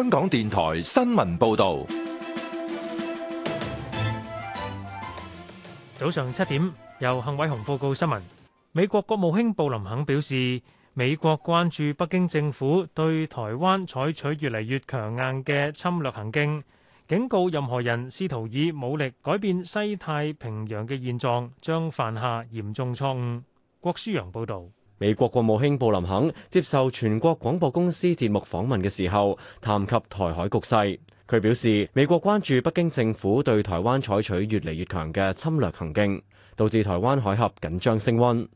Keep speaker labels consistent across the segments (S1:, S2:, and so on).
S1: 香港電
S2: 台新聞報道，早上七點，由幸偉雄報告新聞。美國國務卿布林肯表示，美國關注北京政府對台灣採取越嚟越強硬嘅侵略行徑，警告任何人試圖以武力改變西太平洋嘅現狀，將犯下嚴重錯誤。郭書陽報道。
S3: 美國國務卿布林肯接受全國廣播公司節目訪問嘅時候，談及台海局勢，佢表示，美國關注北京政府對台灣採取越嚟越強嘅侵略行徑，導致台灣海峽緊張升溫。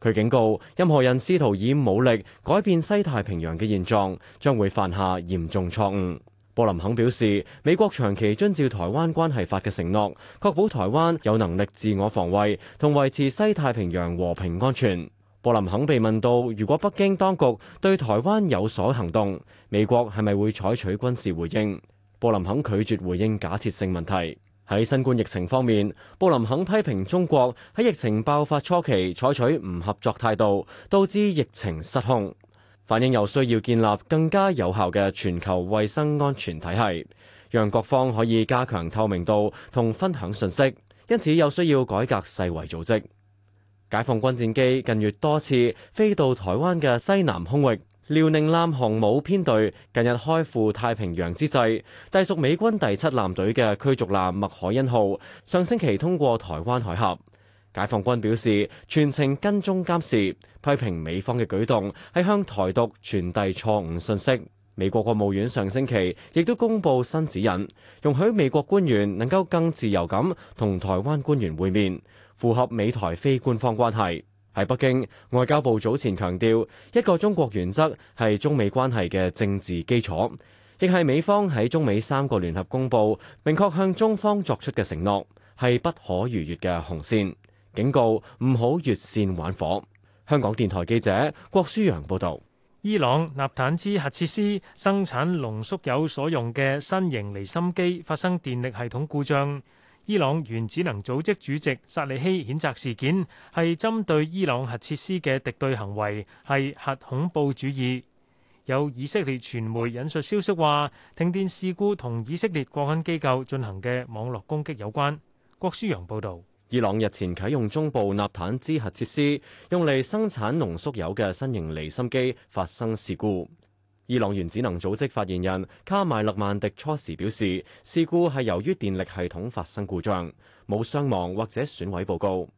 S3: 佢警告，任何人試圖以武力改變西太平洋嘅現狀，將會犯下嚴重錯誤。布林肯表示，美國長期遵照台灣《台灣關係法》嘅承諾，確保台灣有能力自我防衛，同維持西太平洋和平安全。布林肯被問到，如果北京當局對台灣有所行動，美國係咪會採取軍事回應？布林肯拒絕回應假設性問題。喺新冠疫情方面，布林肯批評中國喺疫情爆發初期採取唔合作態度，導致疫情失控，反映有需要建立更加有效嘅全球衛生安全體系，讓各方可以加強透明度同分享信息，因此有需要改革世衛組織。解放軍戰機近月多次飛到台灣嘅西南空域，遼寧艦航母編隊近日開赴太平洋之際，隸屬美軍第七艦隊嘅驅逐艦麥凱恩號上星期通過台灣海峽。解放軍表示全程跟蹤監視，批評美方嘅舉動係向台獨傳遞錯誤信息。美國國務院上星期亦都公布新指引，容許美國官員能夠更自由咁同台灣官員會面。符合美台非官方關係。喺北京，外交部早前強調，一個中國原則係中美關係嘅政治基礎，亦係美方喺中美三個聯合公布，明確向中方作出嘅承諾，係不可逾越嘅紅線，警告唔好越線玩火。香港電台記者郭書陽報道。
S2: 伊朗納坦茲核設施生產濃縮鈾所用嘅新型離心機發生電力系統故障。伊朗原子能組織主席薩利希譴責事件係針對伊朗核設施嘅敵對行為，係核恐怖主義。有以色列傳媒引述消息話，停電事故同以色列國安機構進行嘅網絡攻擊有關。郭舒陽報導，
S3: 伊朗日前啟用中部納坦茲核設施，用嚟生產濃縮鈾嘅新型離心機發生事故。伊朗原子能組織發言人卡邁勒·曼迪，初時表示，事故係由於電力系統發生故障，冇傷亡或者損毀報告。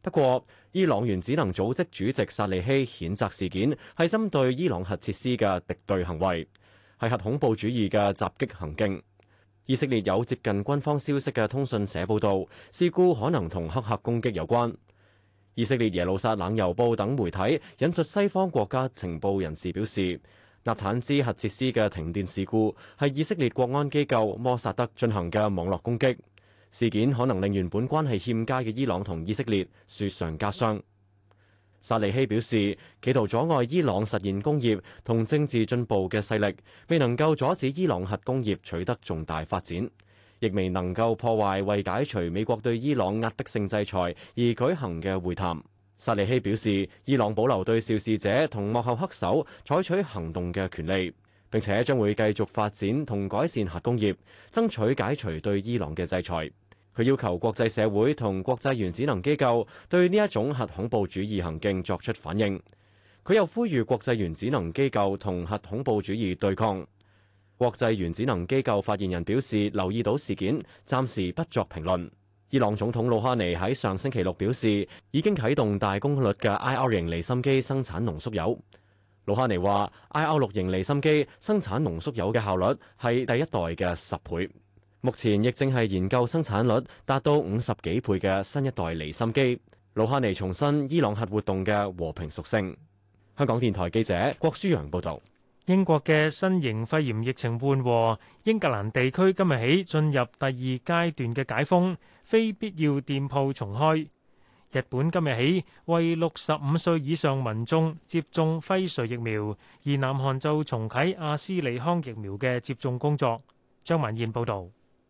S3: 不過，伊朗原子能組織主席，主席薩利希譴責事件係針對伊朗核設施嘅敵對行為，係核恐怖主義嘅襲擊行徑。以色列有接近軍方消息嘅通訊社報道，事故可能同黑客攻擊有關。以色列耶路撒冷郵報等媒體引述西方國家情報人士表示。納坦茲核設施嘅停電事故係以色列國安機構摩薩德進行嘅網絡攻擊事件，可能令原本關係欠佳嘅伊朗同以色列雪上加霜。薩利希表示，企圖阻礙伊朗實現工業同政治進步嘅勢力，未能夠阻止伊朗核工業取得重大發展，亦未能夠破壞為解除美國對伊朗壓逼性制裁而舉行嘅會談。薩利希表示，伊朗保留對肇事者同幕後黑手採取行動嘅權利，並且將會繼續發展同改善核工業，爭取解除對伊朗嘅制裁。佢要求國際社會同國際原子能機構對呢一種核恐怖主義行徑作出反應。佢又呼籲國際原子能機構同核恐怖主義對抗。國際原子能機構發言人表示，留意到事件，暫時不作評論。伊朗總統魯哈尼喺上星期六表示，已經啟動大功率嘅 IR 型離心機生產濃縮鈾。魯哈尼話，IR 六型離心機生產濃縮鈾嘅效率係第一代嘅十倍。目前亦正係研究生產率達到五十幾倍嘅新一代離心機。魯哈尼重申伊朗核活動嘅和平屬性。
S2: 香港電台記者郭舒陽報道。英國嘅新型肺炎疫情緩和，英格蘭地區今日起進入第二階段嘅解封。非必要店鋪重開，日本今日起為六十五歲以上民眾接種輝瑞疫苗，而南韓就重啟阿斯利康疫苗嘅接種工作。張文燕報導。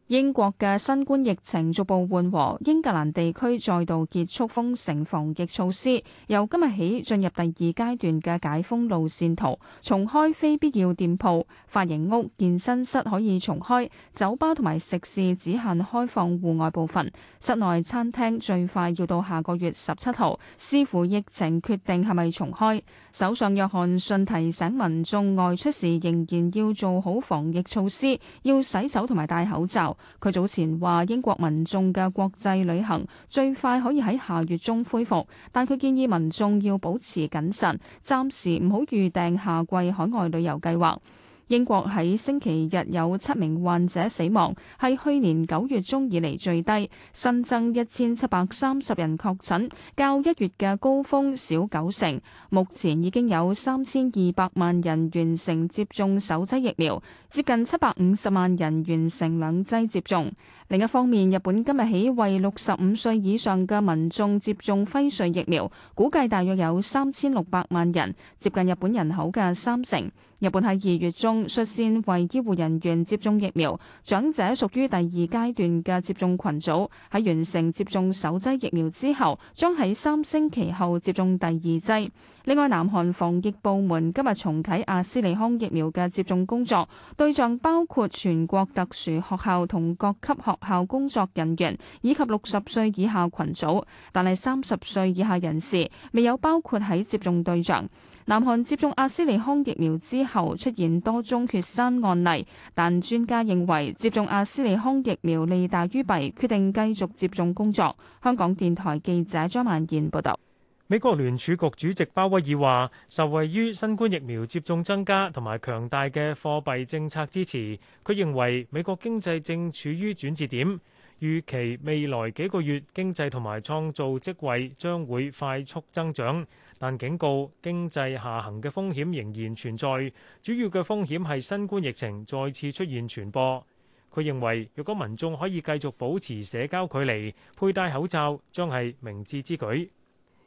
S4: 英國嘅新冠疫情逐步緩和，英格蘭地區再度結束封城防疫措施，由今日起進入第二階段嘅解封路線圖，重開非必要店鋪、髮型屋、健身室可以重開，酒吧同埋食肆只限開放戶外部分，室內餐廳最快要到下個月十七號，視乎疫情決定係咪重開。首相約翰遜提醒民眾外出時仍然要做好防疫措施，要洗手同埋戴口罩。佢早前話，英國民眾嘅國際旅行最快可以喺下月中恢復，但佢建議民眾要保持謹慎，暫時唔好預訂夏季海外旅遊計劃。英國喺星期日有七名患者死亡，係去年九月中以嚟最低，新增一千七百三十人確診，較一月嘅高峰少九成。目前已經有三千二百萬人完成接種首劑疫苗，接近七百五十萬人完成兩劑接種。另一方面，日本今日起為六十五歲以上嘅民眾接種輝瑞疫苗，估計大約有三千六百萬人，接近日本人口嘅三成。日本喺二月中率先為醫護人員接種疫苗，長者屬於第二階段嘅接種群組，喺完成接種首劑疫苗之後，將喺三星期後接種第二劑。另外，南韓防疫部門今日重啟阿斯利康疫苗嘅接種工作，對象包括全國特殊學校同各級學校校工作人員以及六十歲以下群組，但係三十歲以下人士未有包括喺接種對象。南韓接種阿斯利康疫苗之後出現多宗血栓案例，但專家認為接種阿斯利康疫苗利大於弊，決定繼續接種工作。香港電台記者張曼燕報道。
S2: 美國聯儲局主席鮑威爾話，受惠於新冠疫苗接種增加同埋強大嘅貨幣政策支持，佢認為美國經濟正處於轉折點，預期未來幾個月經濟同埋創造職位將會快速增長。但警告經濟下行嘅風險仍然存在，主要嘅風險係新冠疫情再次出現傳播。佢認為，若果民眾可以繼續保持社交距離、佩戴口罩，將係明智之舉。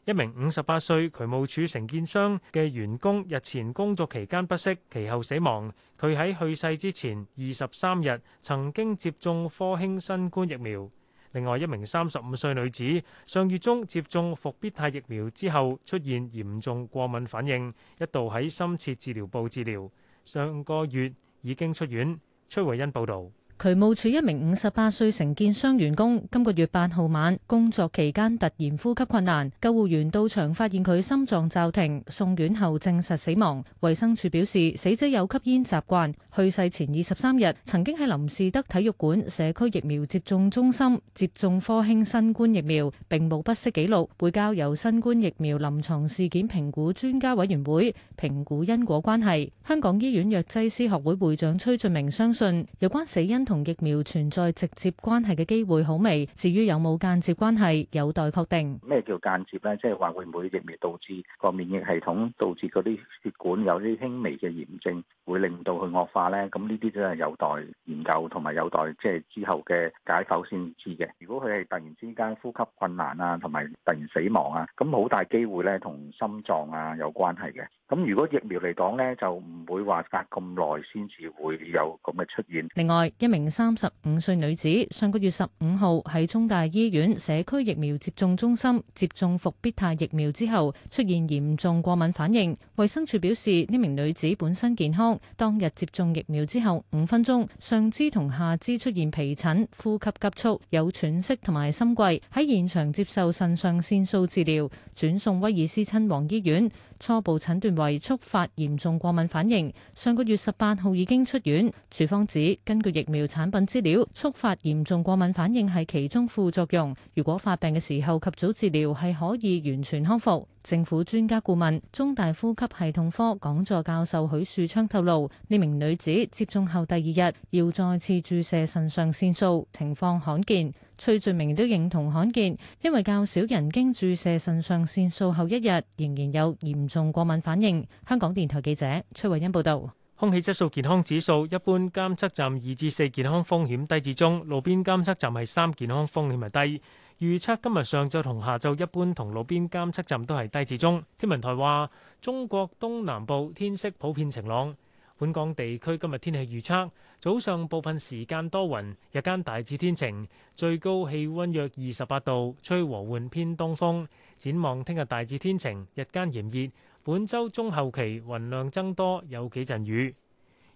S2: 一名五十八歲渠務署承建商嘅員工日前工作期間不適，其後死亡。佢喺去世之前二十三日曾經接種科興新冠疫苗。另外一名三十五歲女子上月中接種復必泰疫苗之後出現嚴重過敏反應，一度喺深切治療部治療，上個月已經出院。崔慧恩報導。
S1: 渠務處一名五十八歲承建商員工，今個月八號晚工作期間突然呼吸困難，救護員到場發現佢心臟驟停，送院後證實死亡。衛生署表示，死者有吸煙習慣，去世前二十三日曾經喺林士德體育館社區疫苗接種中心接種科興新冠疫苗，並冇不適記錄，會交由新冠疫苗臨床事件評估專家委員會評估因果關係。香港醫院藥劑師學會會長崔俊明相信，有關死因。同疫苗存在直接關係嘅機會好微，至於有冇間接關係，有待確定。
S2: 咩叫間接咧？即係話會唔會疫苗導致個免疫系統，導致嗰啲血管有啲輕微嘅炎症，會令到佢惡化咧？咁呢啲真係有待研究同埋有待即係之後嘅解剖先知嘅。如果佢係突然之間呼吸困難啊，同埋突然死亡啊，咁好大機會咧同心臟啊有關係嘅。咁如果疫苗嚟講咧，就唔會話隔咁耐先至會有咁嘅出現。
S1: 另外一名。三十五歲女子上個月十五號喺中大醫院社區疫苗接種中心接種復必泰疫苗之後，出現嚴重過敏反應。衛生署表示，呢名女子本身健康，當日接種疫苗之後五分鐘，上肢同下肢出現皮疹，呼吸急促，有喘息同埋心悸，喺現場接受腎上腺素治療。轉送威爾斯親王醫院，初步診斷為觸發嚴重過敏反應，上個月十八號已經出院。處方指根據疫苗產品資料，觸發嚴重過敏反應係其中副作用。如果發病嘅時候及早治療係可以完全康復，政府專家顧問中大呼吸系統科講座教授許樹昌透露，呢名女子接種後第二日要再次注射腎上腺素，情況罕見。崔俊明都認同罕見，因為較少人經注射腎上腺素後一日仍然有嚴重過敏反應。香港電台記者崔慧欣報道。
S2: 空氣質素健康指數一般監測站二至四，健康風險低至中，路邊監測站係三，健康風險係低。預測今日上晝同下晝一般同路邊監測站都係低至中。天文台話，中國東南部天色普遍晴朗，本港地區今日天氣預測。早上部分時間多雲，日間大致天晴，最高氣溫約二十八度，吹和緩偏東風，展望聽日大致天晴，日間炎熱，本周中後期雲量增多，有幾陣雨。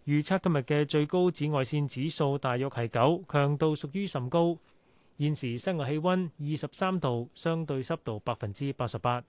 S2: 預測今日嘅最高紫外線指數大約係九，強度屬於甚高。現時室外氣溫二十三度，相對濕度百分之八十八。